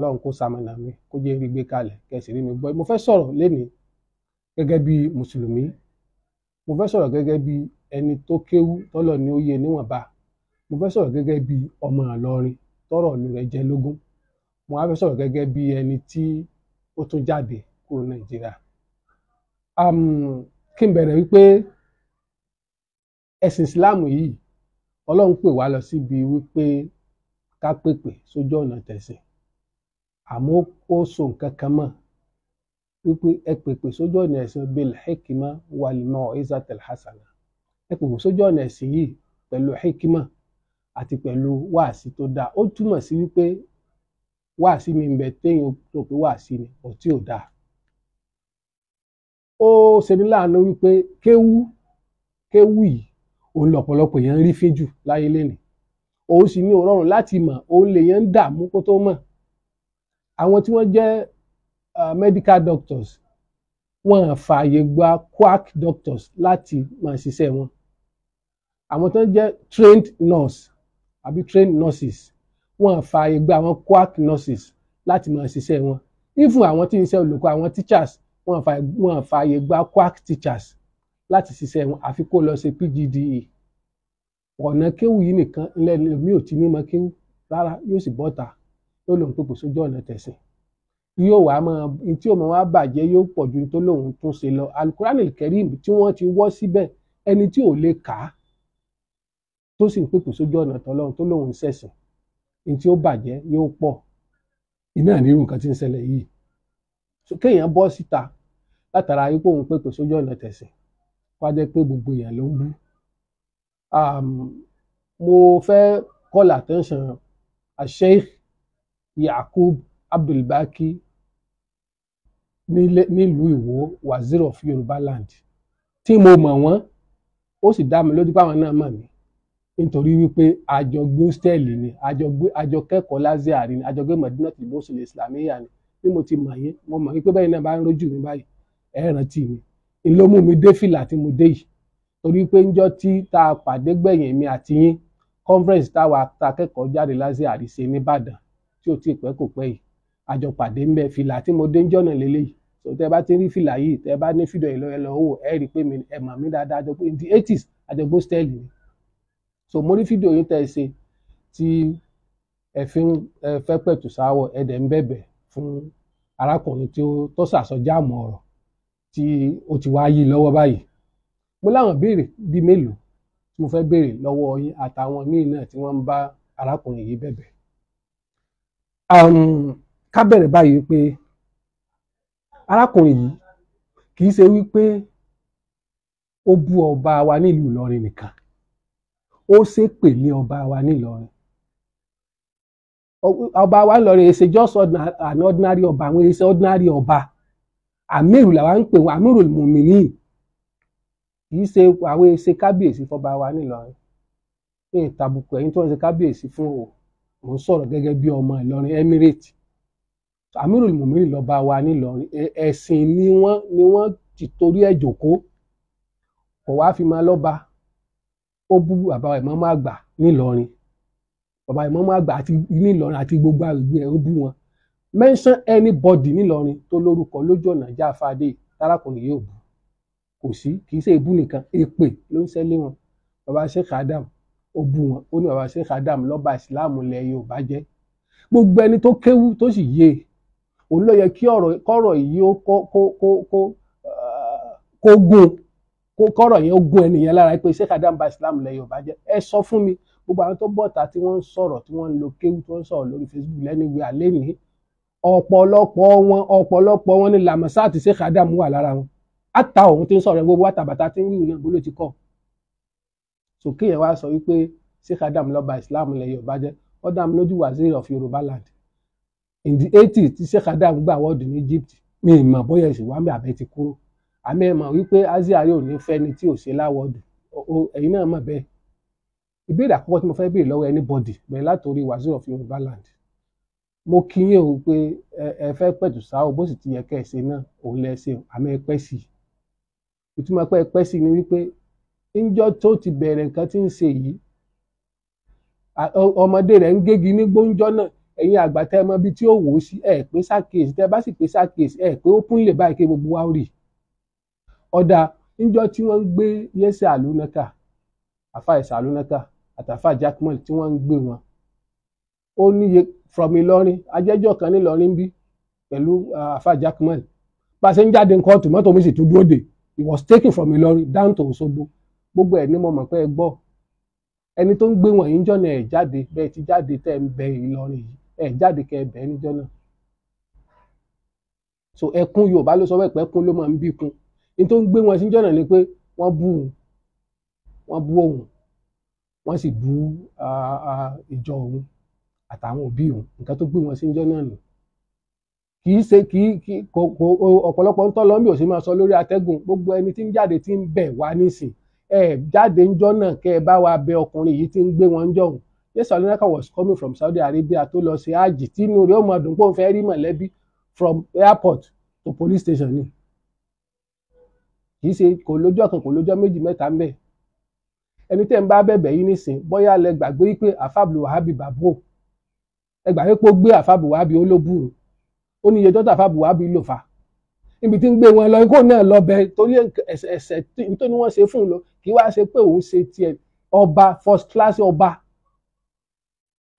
ọlọ́run kó ṣamọ̀nà mi kó jẹ́ rí gbé kalẹ̀ kẹsì rí mi gbọ́ mo fẹ́ sọ̀rọ̀ lénìí gẹ́gẹ́ bí mùsùlùmí mo fẹ́ sọ̀rọ̀ gẹ́gẹ́ bí ẹni tó kéwú tọ́lọ̀ ní ó yẹ níwọ̀nba mo fẹ́ sọ̀rọ̀ gẹ́gẹ́ bí ọmọ Ìlọrin tọ́rọ̀ ìlú rẹ̀ jẹ́ lógún mo wá fẹ́ sọ̀rọ̀ gẹ́gẹ́ bí ẹni tí ó tún jáde kúrò Nàìjíríà kí n bẹ̀rẹ̀ wípé ẹ̀sìn Islam yìí ọlọ́run pè wá lọ síbi wípé ká pèpè sójú ọ̀nà tẹ̀sìn àmọ́ ó so nǹkan kan mọ́ wípé ẹ pèpè sójú ọ̀nà ẹ̀sìn bil hikima wal mau'izatil hasana ẹ pèpè sójú ọ̀nà ẹ̀sìn yìí pẹ̀lú hikima àti pẹ̀lú wáàsí tó dáa ó túmọ̀ sí wípé wáàsí mi ń bẹ téèyàn tó pé wáàsí ni ọtí ò dáa ó ṣeni láàánú wípé kéwú kéwú yìí òun lọ̀pọ̀lọpọ̀ èèyàn rí fín láyé lénìí òun sì ní òrọ̀rùn láti mọ̀ òun lèèyàn ń dààmú kó tó mọ̀ àwọn tí wọ́n jẹ́ uh, medical doctors wọn fààyè gba quack doctors láti máa ṣiṣẹ́ wọn àwọn tó ń jẹ́ trained nurse àbí trained nurses wọn fààyè gba àwọn quack nurses láti máa ṣiṣẹ́ wọn even àwọn tí ń ṣe olùkọ́ àwọn teachers wọn fààyè gba quack teachers láti ṣiṣẹ́ wọn àfi kó lọ ṣe PGDE ọ̀nà kéwù yìí nìkan ńlẹ́ mi ò ti ní mọ kéwù rárá yóò sì bọ́ta yóò lòun pèpè sójú ọ̀nà tẹ̀sìn yóò wá máa tí ó wá bàjẹ́ yóò pọ̀ ju tó lòun tún ṣe lọ alukurani kẹrim tí wọ́n ti wọ́ síbẹ̀ ẹni tí ò lè kà á tó sì ń pèpè sójú ọ̀nà tọ́lọ́run tó lòun ṣẹ̀sìn ní tí ó bàjẹ́ yóò pọ̀ iná ní irú nǹkan tí ń ṣẹlẹ̀ yìí kéèyàn bọ́ síta látara wípé òun pèpè sójú ọ̀nà tẹ̀sìn wá jẹ́ pé gbogbo èèyàn ló ń bú mo fẹ́ call attention a yakub abdulbaki nílùú ìwó wazir of yorùbá land tí mo mọ̀ wọ́n ó sì dá mi lójú páwọn náà mọ̀ mí nítorí wípé àjọ gbé stẹ́ẹ̀lì ni àjọ kẹ́kọ̀ọ́ lázàárì ni àjọ gbé mọ̀dínà tìlú bóṣùlẹ̀ ni bí mo ti mọ̀ yín mo mọ̀ wípé bẹ́ẹ̀ náà bá ń rojú mi báyìí ẹ rántí mi ló mú mi dé fìlà tí mo dé yìí torí pé ńjọ́ tí tá a pàdé gbẹ̀yìn mi àti yín conference táwa ta kẹ́kọ̀ọ́ jáde lázàárì ṣe ní Ìbàdàn tí ò tí ì pẹ́ kò pẹ́ yìí àjọ pàdé ń bẹ fìlà tí mo dé ń jọ̀nà lélẹ́yìí so tẹ́ bá ti rí fìlà yìí tẹ́ bá ní fìdọ̀ ìlọ ẹ lọ wò ẹ rí i pé ẹ mà mí dáadáa jọ pé in the eighties àjọgbó stẹ́ẹ̀lì ni so mo rí fídíò yìí tẹ́ ẹ ṣe tí ẹ fi ń ẹ fẹ́ pẹ̀tù sáwọ̀ ẹ dẹ̀ ń bẹ̀bẹ̀ fún arákùnrin tí ó tó ṣàṣọjáàmù ọ̀rọ̀ tí ó ti wá yí lọ́wọ́ báyìí mo láwọn béèrè bíi mélòó mo fẹ́ béèrè lọ́wọ́ yín àtàwọn míì náà tí wọ́n ń bá arákùnrin yìí bẹ̀bẹ̀ ká bẹ̀rẹ̀ báyìí pé arákùnrin yìí kì í ṣe wípé ó bú ọba wa nílùú Ìlọrin nìkan ó ṣépè lé ọba wa nílọrin ọba wa nílọrin èsè just an ordinary ọba àwọn èsè ordinary ọba àmírù làwa ń pè wọn àmírù mùmíní kìí ṣe àwọn èsè kábíyèsí fọba wa nílọrin ní ìtàbùkù ẹ̀yin tí wọ́n ṣe kábíyèsí fún o mo ń sọ̀rọ̀ gẹ́gẹ́ bí ọmọ Ìlọrin emirate amirul mumiri lọ́ba wa nílọrin e, ẹ̀sìn ni wọ́n ni wọ́n ti torí ẹ̀ jòkó kò wá fi máa lọ́ba ó bú bàbá ìmáàmù àgbà nílọrin bàbá ìmáàmù àgbà àti nílọrin àti gbogbo àgbègbè ẹ̀ ó bú wọn mention anybody nílọrin tó lórúkọ lójú ọ̀nà jáfadé tárákùnrin yóò bú kò sí kì í ṣe èébú nìkan èpè ló ń ṣẹ́lé wọn bàbá sheikh adam ó bú wọn ó ní bàbá Sheikh Adam lọ́ba ìsìláàmù ilẹ̀ Yorùbá jẹ́ gbogbo ẹni tó kéwú tó sì yé e, òun ló yẹ kí ọ̀rọ̀ yìí ó kó kó kó kó uh, kó gún kó kọ́rọ̀ yẹn ó gún ẹnìyẹn lára pé Sheikh Adam ba ìsìláàmù ilẹ̀ Yorùbá jẹ́ ẹ sọ fún mi gbogbo àwọn tó bọ̀ta tí wọ́n ń sọ̀rọ̀ tí wọ́n ń lo kéwú tí wọ́n ń sọ̀rọ̀ lórí Facebook lẹ́niwé alẹ́ nìyí ọ̀pọ̀lọpọ̀ wọn ọ̀pọ̀lọpọ̀ wọn ni làmọ́sáàtì Sheikh Adam wà lára wọn àtà òun ti ń sọ̀rọ̀ gbogbo àtàbàtà tí ń wíwò yẹn gbóló ti kọ́ so kéèyàn wá sọ wípé Sheikh Adam ló Islam ilẹ̀ Yorùbá jẹ́ ó dá lójú wazir of Yorùbá land in the eighties tí Sheikh Adam gbà wọ́ọ̀dù ní Egypt mi ì mọ̀ bóyá èsì wàmí àbẹ́ ti kúrò àmì ẹ̀ mọ̀ wípé Asia yóò ní fẹ́ni tí ò ṣe láwọ́ọ̀dù ẹ̀yin náà mọ̀ bẹ́ẹ̀ ìbéèrè àkọ́kọ́ tí mo fẹ́ béèrè lọ́wọ́ anybody bẹ̀rẹ̀ látòrí wazir of Yorùbá land mo kí yín o pé ẹ fẹ́ pẹ̀tù sáwọ́ bó sì ti yẹ kẹ́ ẹ ṣe náà òun lẹ àmì ẹ pẹ́ sí ìtumọ̀ pé pẹ́ sí ni wípé njọ tó ti bẹ̀rẹ̀ nǹkan tí ń ṣe yìí ọmọdé rẹ̀ ń gégi ní gbóńjọ́ náà ẹ̀yin àgbà tẹ́ ẹ mọ ibi tí ó wò ó sí ẹ̀ pín sákèsì tẹ́ bá sì gbogbo wa rì ọ̀dà níjọ́ tí wọ́n ń gbé yẹ́sẹ̀ àlùnákà àfa ẹ̀sà àlùnákà àtàfà gbé wọn ó níye from Ìlọrin ajẹ́jọ́ kan ní bí pẹ̀lú àfa ń jáde nǹkan dúró was taken from Ìlọrin down to gbogbo ẹ̀ ni mo mọ̀ pé ẹ gbọ́ ẹni tó ń gbé wọ̀nyí ń jọ́nà ẹ̀ jáde bẹ́ẹ̀ ti jáde tẹ́ ń bẹ Ìlọrin yìí ẹ̀ jáde kẹ́ ẹ bẹ́ẹ̀ níjọ́ náà so ẹkún Yorùbá ló sọ bẹ́ẹ̀ pé ẹkún ló máa ń bí kun ní tó ń gbé wọn sí jọ́nà ni pé wọ́n bú òun wọ́n bú òun wọ́n sì bú ìjọ òun àtàwọn òbí òun nǹkan tó gbé wọn sí jọ́nà nù kì í ṣe kì í ọ̀pọ̀lọpọ̀ ń tọ́ lọ́nbì ò sì máa sọ lórí atẹ́gùn gbogbo ẹni tí ń jáde tí ń bẹ̀ wá nísìn ẹ jáde ńjọ́ náà kẹ́ ẹ bá wa bẹ ọkùnrin yìí tí ń gbé wọn jọ òun Jésù Alonaka was coming from Saudi Arabia tó lọ sí hajj tí inú rẹ̀ ó mọ dùn pé òun fẹ́ rí mọ̀lẹ́bí from airport to police station ni kì í ṣe kò lójọ́ kan kò lójọ́ méjì mẹ́ta ń bẹ̀ ẹni tẹ́ ń bá bẹ̀bẹ̀ yín nísìn bóyá lẹ gbàgbé pé àfàbùlù wàhábì bàbúrò ẹ gbàgbé pé ó gbé àfàbùlù wàhábì ó ló búrò ó ní iye dọ́tà àfàbùlù wàhábì lò fà á níbi tí ń gbé wọn lọ ikú náà lọ bẹ torí ẹ̀ṣẹ̀ tó ní wọ́n ṣe fún un lọ kí wá ṣe pé òun ṣe tiẹ̀ ọba first class ọba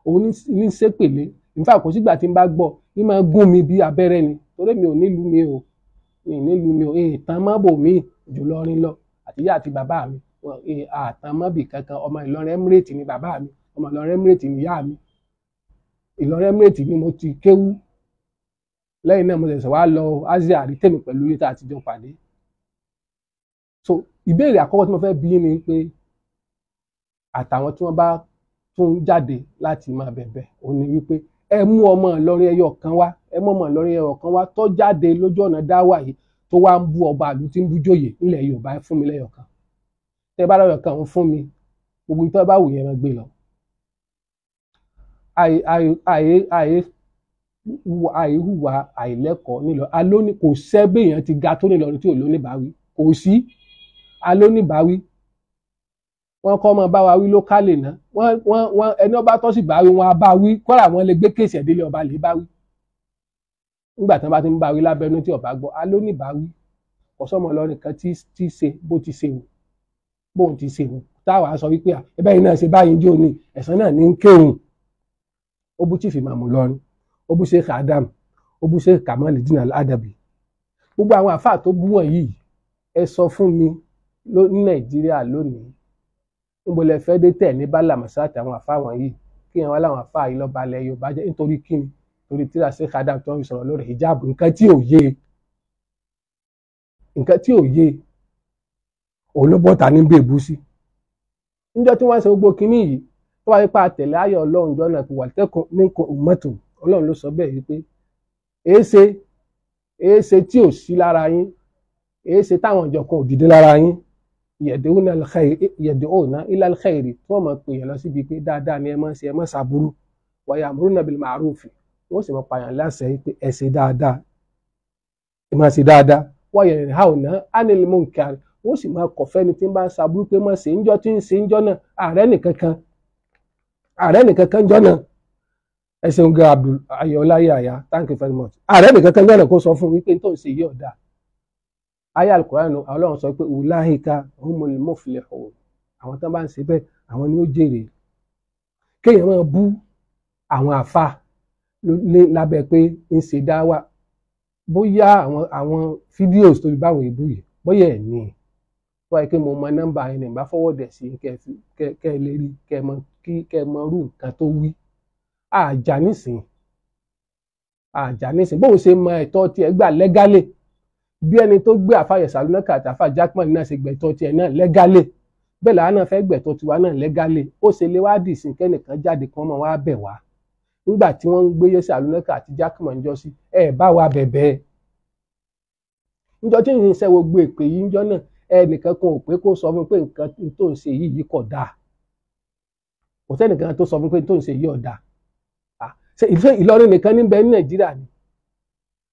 òun ní ṣépèlé nífà kò sígbà tí n bá gbọ́ ní máa gún mi bí abẹ́rẹ́ ni torí mi ò nílùú mi o mi ò nílùú mi o ìtàn mọ́bò mi jùlọ rin lọ àtìyá àti bàbá mi àtàn mọ́bì kankan ọmọ Ìlọrin emirate ni bàbá mi ọmọ Ìlọrin emirate ni ìyá mi Ìlọrin emirate ni mo ti kéwú lẹ́yìn náà mo ṣẹ̀ṣẹ̀ wá lọ Asia rí tèmi pẹ̀lú yìí tá a ti jọ pàdé so ìbéèrè àkọ́kọ́ tí mo fẹ́ bi ni pé àtàwọn tí wọ́n bá tún jáde láti máa bẹ̀bẹ̀ òun ni wípé ẹ mú ọmọ Ìlọrin ẹyọ kan wá ẹ mú ọmọ Ìlọrin ẹyọ kan wá tó jáde lójú ọ̀nà dáwà yìí tó wá ń bú ọba àlù tí ń bú jòyè ńlẹ̀ Yorùbá fún mi lẹ́yọ kan tẹ bá lọ́yọ̀ kan fún mi gbogbo ìtọ́ bá wù yẹn máa gbé lọ àyè hùwà àìhùwà àìlẹ́kọ̀ọ́ nílọ alóní kò sẹ́bẹ̀yàn ti ga tó nílọrin tí ò lóníbàáwí kò sí alóníbàáwí wọn kọ́ ọmọ bá wa wí lókàlè ná wọn wọn wọn ẹni ọba tó sì bá wí wọn á bá wí kọ́ra wọn lè gbé kéèsì ẹ̀dílé ọba lè bá wí nígbà tí wọn bá ti ń bá wí lábẹ́nú tí ọba gbọ́ alóníbàáwí ọ̀sọ́mọ Ìlọrin kan tí tí ṣe bó ti ṣe wò bóun ti ṣe wò táwa sọ wípé ẹbẹ́ yìí náà ṣe báyìí jó ni ẹ̀sán náà ní ń kéwòn ó bú chief Ìmáàmù Ìlọrin ó bú sheikh adam ó bú sheikh kamaludin al-adabi gbogbo àwọn àfáà tó bú wọn yìí ẹ sọ fún mi ní nàìjíríà lónìí níbo lẹ fẹ́ dé tẹ̀ ní bala masata àwọn àfáà wọn yìí kí wọn láwọn àfáà yìí lọ́ba alẹ́ yorùbá jẹ́ nítorí kíni torí tíra sheikh adam tó ń sọ̀rọ̀ lórí hijab nǹkan tí ò yé nǹkan tí ò yé òun ló bọ́ta ní bèbú sí níjọ́ tí wọ́n ń ṣe gbogbo kínní yìí tó wáyé pa àtẹ̀lé ayọ̀ ọlọ́run jọ́nà kò wà tẹ́kùn ní kò mọ́tò ọlọ́run ló sọ bẹ́ẹ̀ wípé èéṣe èéṣe tí ò sí lára yín èéṣe táwọn ìjọkan ò dìde lára yín yẹ̀dùnúnà ilal khairi tí wọ́n mọ̀ pé yẹn lọ síbi pé dáadáa ni ẹ máa ń ṣe ẹ máa ṣàbúrú wa ya'muruna bil ma'rufi wọ́n sì máa pààyàn láṣẹ pé ẹ ṣe dáadáa ẹ máa ṣe dáadáa wa yanhauna 'anil munkar wọ́n sì máa kọ̀ fẹ́ni tí ń bá ń pé má ṣe ń tí ń ṣe ń náà ààrẹ nìkankan ààrẹ nìkankan jọ́ náà ẹ ṣeun gan Abdul Ayọ̀ọ́lá Yahaya thank you very much ààrẹ nìkan kan náà kó sọ fún mi pé tó ń ṣe yí ọ̀dà ayé alukur'an ọlọ́run sọ pé wùláhìka humul muflihun àwọn tó bá ń ṣe bẹ́ẹ̀ àwọn ni ó jèrè kéèyàn máa bú àwọn àfa lábẹ́ pé ń ṣe dá wà bóyá àwọn àwọn fídíòs tó fi báwọn èébú yìí bóyá ẹ̀ ní tó wáyé pé mo mọ nọ́mbà yẹn nígbà fọwọ́dẹ̀ sí kẹ́ ẹ lè rí kẹ́ ẹ mọ irú nǹkan tó wí àjà nísìn àjà nísìn bóun ṣe mọ ẹ̀tọ́ tiẹ̀ gbà lẹ́gálè bí ẹni tó gbé àfa Yẹ̀sàlónẹ́kà àtàfà Jákmọ́n náà ṣe gbẹtọ tiẹ̀ náà lẹ́gálè bẹ́ẹ̀ làwọn náà fẹ́ gbẹtọ tiwa náà lẹ́gálè ó ṣe lé wá dìsìn kẹ́nìkan jáde kan wá wá nígbà tí wọn ń gbé àti jọ sí bá wa bẹ̀bẹ̀ ẹ tí ìrìnsẹ gbogbo èpè yìí níjọ́ náà pé kó sọ fún pé nǹkan tó ń ṣe ṣe ìfẹ́ Ìlọrin nìkan ní bẹ́ẹ̀ ní Nàìjíríà ni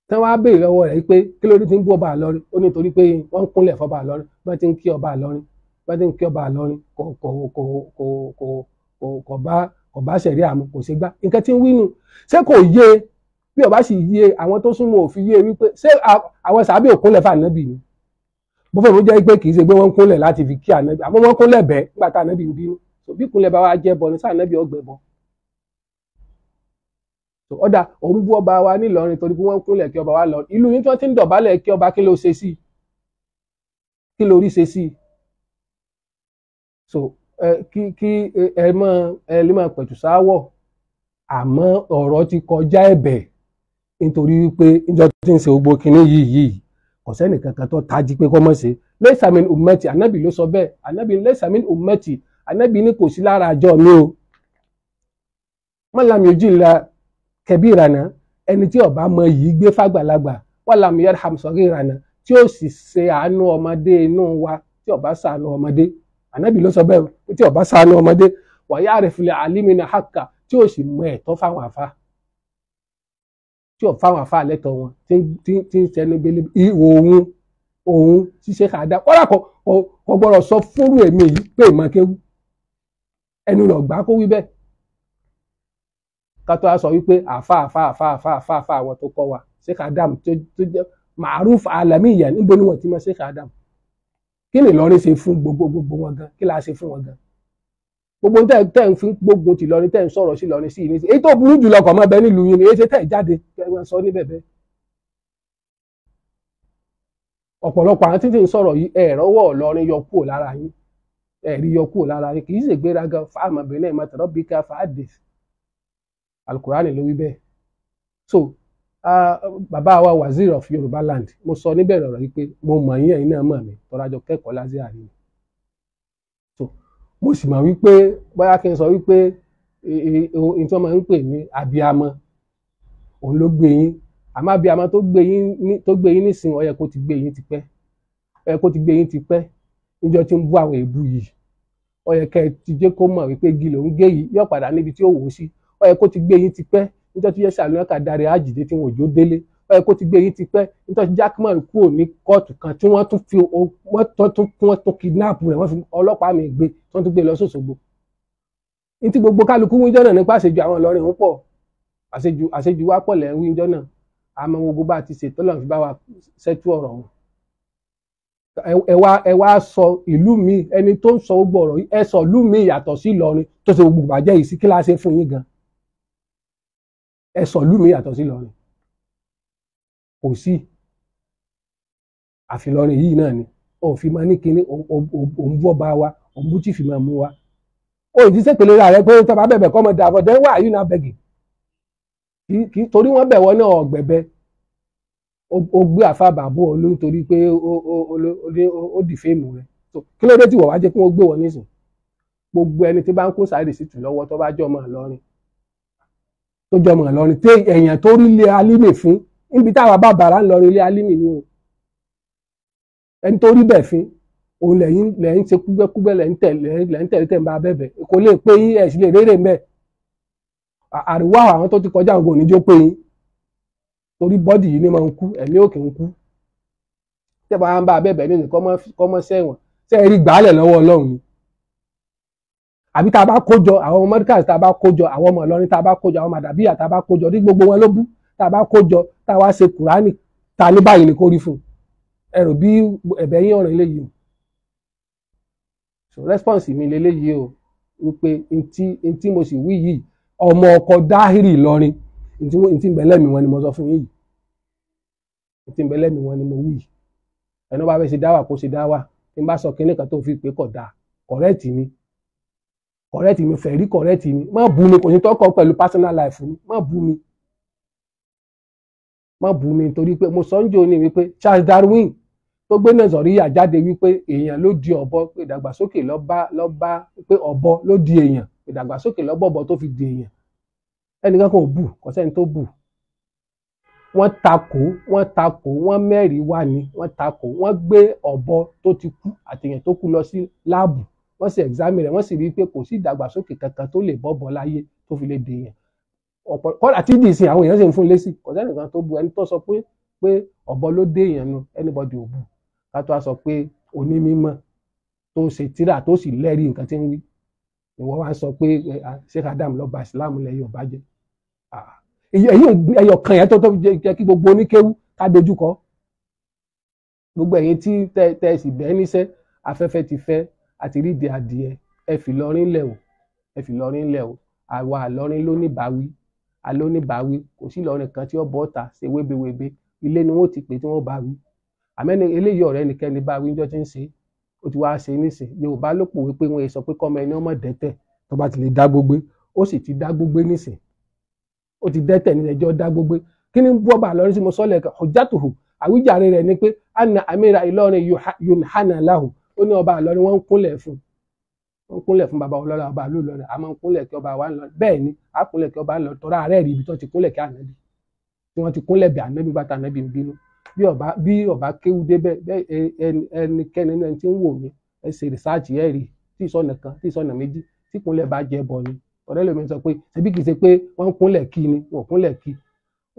tí wọ́n á béèrè lọ́wọ́ rẹ̀ pé kí ló dé tí ń bú ọba Ìlọrin ó ní torí pé wọ́n ń kúnlẹ̀ fọba Ìlọrin bá ti ń kí ọba Ìlọrin bá ti ń kí ọba Ìlọrin kò kò kò kò kò kò kò bá kò bá ṣẹ̀rí àmú kò ṣe gbá nǹkan tí ń wí nù ṣé kò yé bí ọba sì yé àwọn tó súnmọ́ òfin yé wípé ṣé àwọn sàbẹ̀ òkúnlẹ̀ fànàbì ni bó fẹ́ ló jẹ́ pé kì í ṣe pé wọ́n ń kúnlẹ̀ láti fi kí ànábì àmọ́ wọ́n kúnlẹ̀ bẹ́ẹ̀ nígbà tá ànábì ń bínú òbí kúnlẹ̀ bá wa jẹ́ bọ̀ ní sáà ànábì ọgbẹ̀ bọ̀ so ọ̀dà òun bú ọba wa nílọrin torí pé wọ́n kúnlẹ̀ kí ọba wa lọ ìlú yín tí wọ́n ti ń dọ̀bálẹ̀ kí ọba kí ló ṣe sí kí ló rí ṣe sí so kí kí ẹ mọ ẹ lè máa pẹ̀tù sáwọ̀ àmọ́ ọ̀rọ̀ ti kọjá ẹ̀bẹ̀ nítorí wípé ìjọ tí ń ṣe gbogbo kinní yìí yìí kò sẹ́nì kankan tó tají pé kọ́ mọ̀ ṣe lẹ́sàmín umẹ́tì anábì ló sọ bẹ́ẹ̀ anábì lẹ́sàmín umẹ́tì anábì ní kò sí lára àjọ mi o mọ́làmí ojú ìlà kẹbí ìrànà ẹni tí ọba mọ yìí gbé fàgbàlagbà wàlámù yarham sọrí ìrànà tí ó sì ṣe àánú ọmọdé inú wa tí ọba ṣàánú ọmọdé ànábì ló sọ bẹ́ẹ̀ tí ọba ṣàánú ọmọdé wàyà àrẹfilẹ alimina haka tí ó sì mọ ẹ̀tọ́ fáwọn àfa tí ò fáwọn àfa àlẹtọ wọn tí ń sẹnu bẹlẹ ìwò òun òun ṣiṣẹ kàdá kọ́ra kọ gbọ́dọ̀ sọ fúnrú èmi yìí pé ìmọ̀ kéwú ẹnu lọ̀gbá kó wí bẹ́ẹ̀ ká tó a sọ wípé àfa àfa àfa àfa àfa àfa àwọn tó kọ́ wa sheikh adam tó jẹ́ maruf alamiyan níbo ni wọ́n ti mọ̀ sheikh adam kí ni Ìlọrin ṣe fún gbogbo gbogbo wọn gan kí la ṣe fún wọn gan gbogbo tẹ́ tẹ́ ń fi gbógun ti Ìlọrin tẹ́ ń sọ̀rọ̀ sí Ìlọrin sí ìlẹsẹ èyí tó burú jùlọ kọ mọ ẹbẹ nílùú yìí ni èyí ṣe tẹ́ jáde kẹwọn sọ ní bẹbẹ ọ̀pọ̀lọpọ̀ àwọn títí ń sọ̀rọ̀ yìí ẹ rọ́wọ́ Ìlọrin yọ kúrò lára yín ẹ rí yọ kúrò lára yín kì í ṣègbéraga fáàmù abẹlẹ mọtàrọ bíkà fàádìsì alukurani ló wí bẹ́ẹ̀ so baba wa wazir of yorùbá land mo sọ níbẹ̀rẹ̀ ọ̀rọ̀ yìí pé mo mọ̀ yín ẹ̀yin náà mọ̀ mí tọ́lájọ kẹ́kọ̀ọ́ lásìkò àárín so mo sì mọ̀ wípé bóyá kí n sọ wípé ohun tí wọ́n máa ń pè ní abiyamọ òun ló gbé yín àmọ́ abiyamọ tó gbé yín tó gbé yín nísìnyí ó yẹ kó ti gbé yín tipẹ́ ó yẹ kó ti gbé yín tipẹ́ níjọ́ tí ń bú àwọn èébú yìí ó kẹ́ ẹ ti jẹ́ kó mọ̀ wípé igi lòún gé yìí yóò padà níbi tí ó wò ó sí ó yẹ kó ti gbé yín tipẹ́ nítorí tó yẹ sàlùmọ́kà darí àjìdé tí wọn ò jó délé ó yẹ kó ti gbé yín tipẹ́ nítorí Jackman kúrò ní kóòtù kan tí wọ́n tún fi wọ́n tún wọ́n tún kidnap rẹ̀ wọ́n fi ọlọ́pàá mi gbé wọ́n tún gbé lọ sòṣogbo ní ti gbogbo kálukú wíńjọ́ náà nípa àṣejù àwọn Ìlọrin ń pọ̀ àṣejù àṣejù wá pọ̀ lẹ́yìn wíńjọ́ náà àmọ́ gbogbo bá ti ṣètò lọ́n fi bá wa ṣẹ́tú ọ̀rọ̀ wọn ẹ wá ẹ wá sọ ìlú mi ẹni tó ń sọ gbogbo ọ̀rọ̀ ẹ sọ ìlú mi yàtọ̀ sí Ìlọrin tó ṣe gbogbo àjẹ́ yìí sí kíláàsì fún yín gan-an ẹ sọ ìlú mi yàtọ̀ sí Ìlọrin kò sí àfi Ìlọrin yìí náà ni òfin máa ní kinní òun bọ́ bá wa òun bú tìfì máa mú wa ó ti sèpèlè ra rẹ pé tọ́ba bẹ̀bẹ̀ kọ́ mọ dà bọ̀ then why are you now begging kì í torí wọ́n bẹ̀ wọ́n náà ọ̀gbẹ̀bẹ̀ o gbé àfàbàbò olú nítorí pé ó dì fèèmù rẹ kí ló dé tí wọ́n wá jẹ́ kí wọ́n gbé wọn nísìn gbogbo ẹni tí bá ń kó sáré sí tù lọ́wọ́ tó bá jọ ọmọ Ìlọrin tó jọmọ Ìlọrin tí èèyàn tó rí ilé Alímì fín níbi táwa bàbàrà ń lọ rí ilé Alímì ni o ẹni tó rí bẹ̀ fín òun lẹ́yìn lẹ́yìn ṣe kúgbẹ́kúgbẹ́ lẹ́yìn tẹ̀lé lẹ́yìn tẹ̀lé tẹ̀ ń bá bẹ̀bẹ̀ kò lè pé yín ẹ̀sìn lè rérè mbẹ̀ àríwá àwọn tó ti kọjá ògùn oníjó pé yín torí bọ́dì yìí ni máa ń kú ẹ̀mí òkè ń kú tẹ́ bá ń bá bẹ̀bẹ̀ ní kọ́mọ́ sẹ́wọ̀n sẹ́ẹ̀rí gbàálẹ̀ lọ́wọ́ Ọlọ́run ni àbí tá a bá kójọ àwọn ọmọ mọ́ríkàs tá a bá kójọ àwọn ọmọ ìlọrin tá a bá kójọ àwọn màdàbíyà tá a bá kójọ ní gbogbo wọn ló bú tá a bá kójọ tá a wá ṣe kùránì tá a ní báyìí ni kó rí fún ẹ bí ẹ̀bẹ̀ yín ọ̀ràn eléyìí so response mi leléyìí o wípé ntí ntí mo sì wí yìí ọmọ ọkọ dáhìrì ìlọrin ntí ntí mbẹlẹ́mi wọn ni mo sọ fún yín yìí ntí mbẹlẹ́mi wọn ni mo wí yìí ẹnu bá fẹ́ ṣe dáwà kó ṣe dáwà tí bá sọ kinní kan tó fi pé kọ̀ dáa kọ̀rẹ́ẹ̀tì mi correct mi fẹ́ rí correct mi má bú mi kò ní tọ́kọ̀ pẹ̀lú personal life mi má bú mi má bú mi torí pé mo sọ ń jò ní wípé Charles Darwin tó gbé nàìjíríà jáde wípé èèyàn ló di ọbọ pé ìdàgbàsókè ló bá ló bá pé ọ̀bọ ló di èèyàn ìdàgbàsókè ló bọ̀bọ̀ tó fi di èèyàn ẹnìkan kò bù kò sẹ́ni tó bù wọ́n takò wọ́n takò wọ́n mẹ́rìí wá ni wọ́n takò wọ́n gbé ọ̀bọ tó ti kú àtèèyàn tó kú lọ sí láàbù wọ́n sì examine rẹ̀ wọ́n sì rí i pé kò sí ìdàgbàsókè kankan tó lè bọ́bọ̀ láyé tó fi lè dèèyàn ọ̀pọ̀ kọ́lá tí dì í sin àwọn èèyàn sì ń fún lésì kò sẹ́ni kan tó bu ẹni tó sọ pé pé ọ̀bọ ló dèèyàn nu anybody ò bu ká tó a sọ pé onímọ̀ tó ṣe tíra tó sì lẹ́rìí nǹkan tí ń wí ìwọ wá ń sọ pé Sheikh Adam ló ba ìsìláàmù lẹ yóò bàjẹ́ ẹyọ kan yẹn tó tó jẹ́ kí gbogbo oníkéwú ká dojúkọ gbogbo ẹ̀yin tí tẹ́ ẹ sì bẹ́ẹ̀ níṣẹ́ afẹ́fẹ́ ti fẹ́ àti rídìí adìẹ ẹ fi lọrin lẹ̀ o ẹ fi lọrin lẹ̀ o àwa àlọrin lónìbáwí alónìbáwí kò sí ìlọrin kan tí ó bọ́ ọ̀tà ṣe wébewèbe ilé ni wọ́n ti pè tí wọ́n bá wí àmẹ́ni eléyìí ọ̀rẹ́ nìkẹ́ni bá wí níjọ́ tí ń ṣe ó ti wá ṣe nísìn yorùbá ló pòwe pé wọn sọ pé kọ́mọ ẹni ọmọ dẹ́tẹ̀ tó ti lè dá gbogbo ó sì ti dá gbogbo nísìn ó ti dẹ́tẹ̀ nílẹ̀ ẹjọ́ dá gbogbo kí ni bú ọba àlọ́rin sí mo sọ́lẹ̀ kan ọ̀já tòhù àwíjàre rẹ̀ ni pé anna amira ìlọrin yunhana lahu ó ní ọba Ìlọrin wọ́n ń kúnlẹ̀ fún wọ́n ń kúnlẹ̀ fún bàbá ọlọ́lá ọba ìlú Ìlọrin àmọ́ ń kúnlẹ̀ kí ọba wa ń lọ bẹ́ẹ̀ ni a kúnlẹ̀ kí ọba ń lọ tọ́ra ààrẹ rí ibi tó ti kúnlẹ̀ kí ànábì tí wọ́n ti kúnlẹ̀ bí ànábì bá ta ànábì ń bínú bí ọba bí ọba kéwú débẹ̀ ẹnikẹ́ni ẹni tí ń wò mí ẹ ṣe rìsáàjì ẹ rí tí ìsọ̀nà kan tí ìsọ̀nà méjì tí kúnlẹ̀ bá jẹ bọ̀ ni ọ̀rẹ́ lómi sọ pé ṣebí kìí ṣe pé wọ́n kúnlẹ̀ kí ni wọ́n kúnlẹ̀ kí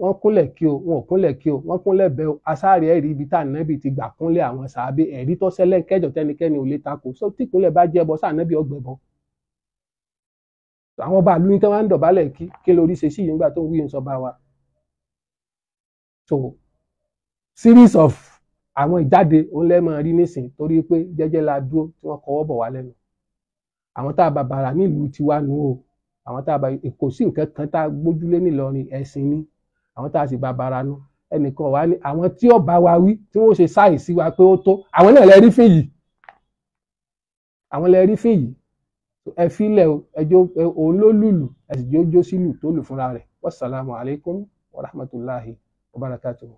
wọ́n kúnlẹ̀ kí o wọn ò kúnlẹ̀ kí o wọ́n kúnlẹ̀ bẹ̀ o asáre ẹ̀rí ibi tá ànábì ti gbà kúnlẹ̀ àwọn sàábé ẹ̀rí tó sẹ́lẹ̀ kẹjọ tẹnikẹ́ni ò lè takò so tí ìkúnlẹ̀ bá jẹ́ bọ́ sànábì ọgbẹ̀bọ. àwọn bá lóyún tán wá ń dọ̀bálẹ̀ kí kí lórí ṣe sí ìyóngbà tó ń wíyìn sọ bá wa. so series of àwọn ìjáde òun lẹ́mọ̀ rí nísìn torí pé jẹ́jẹ́ la dúró tí wọ́n kọwọ́ bọ̀ wá lẹ́nu àwọn tá a bàbàrà nílùú tiwa nù o àwọn tá a bàbàrà kò sí nǹkan kan tá a gbójúlé nílọrin ẹ̀sìn ni àwọn tá a sì bá bara nu ẹnìkan wá ní àwọn tí ó bá wa wí tí wọ́n ṣe sáì sí wa pé ó tó àwọn náà lẹ rí fín yìí àwọn lẹ rí fín yìí ẹ filẹ̀ ẹjọ́ òun ló lùlù ẹ sì jójó sílù tó lù fúnra rẹ̀ wasalaamu alaykum wa rahmatulahi wa barakatuhu.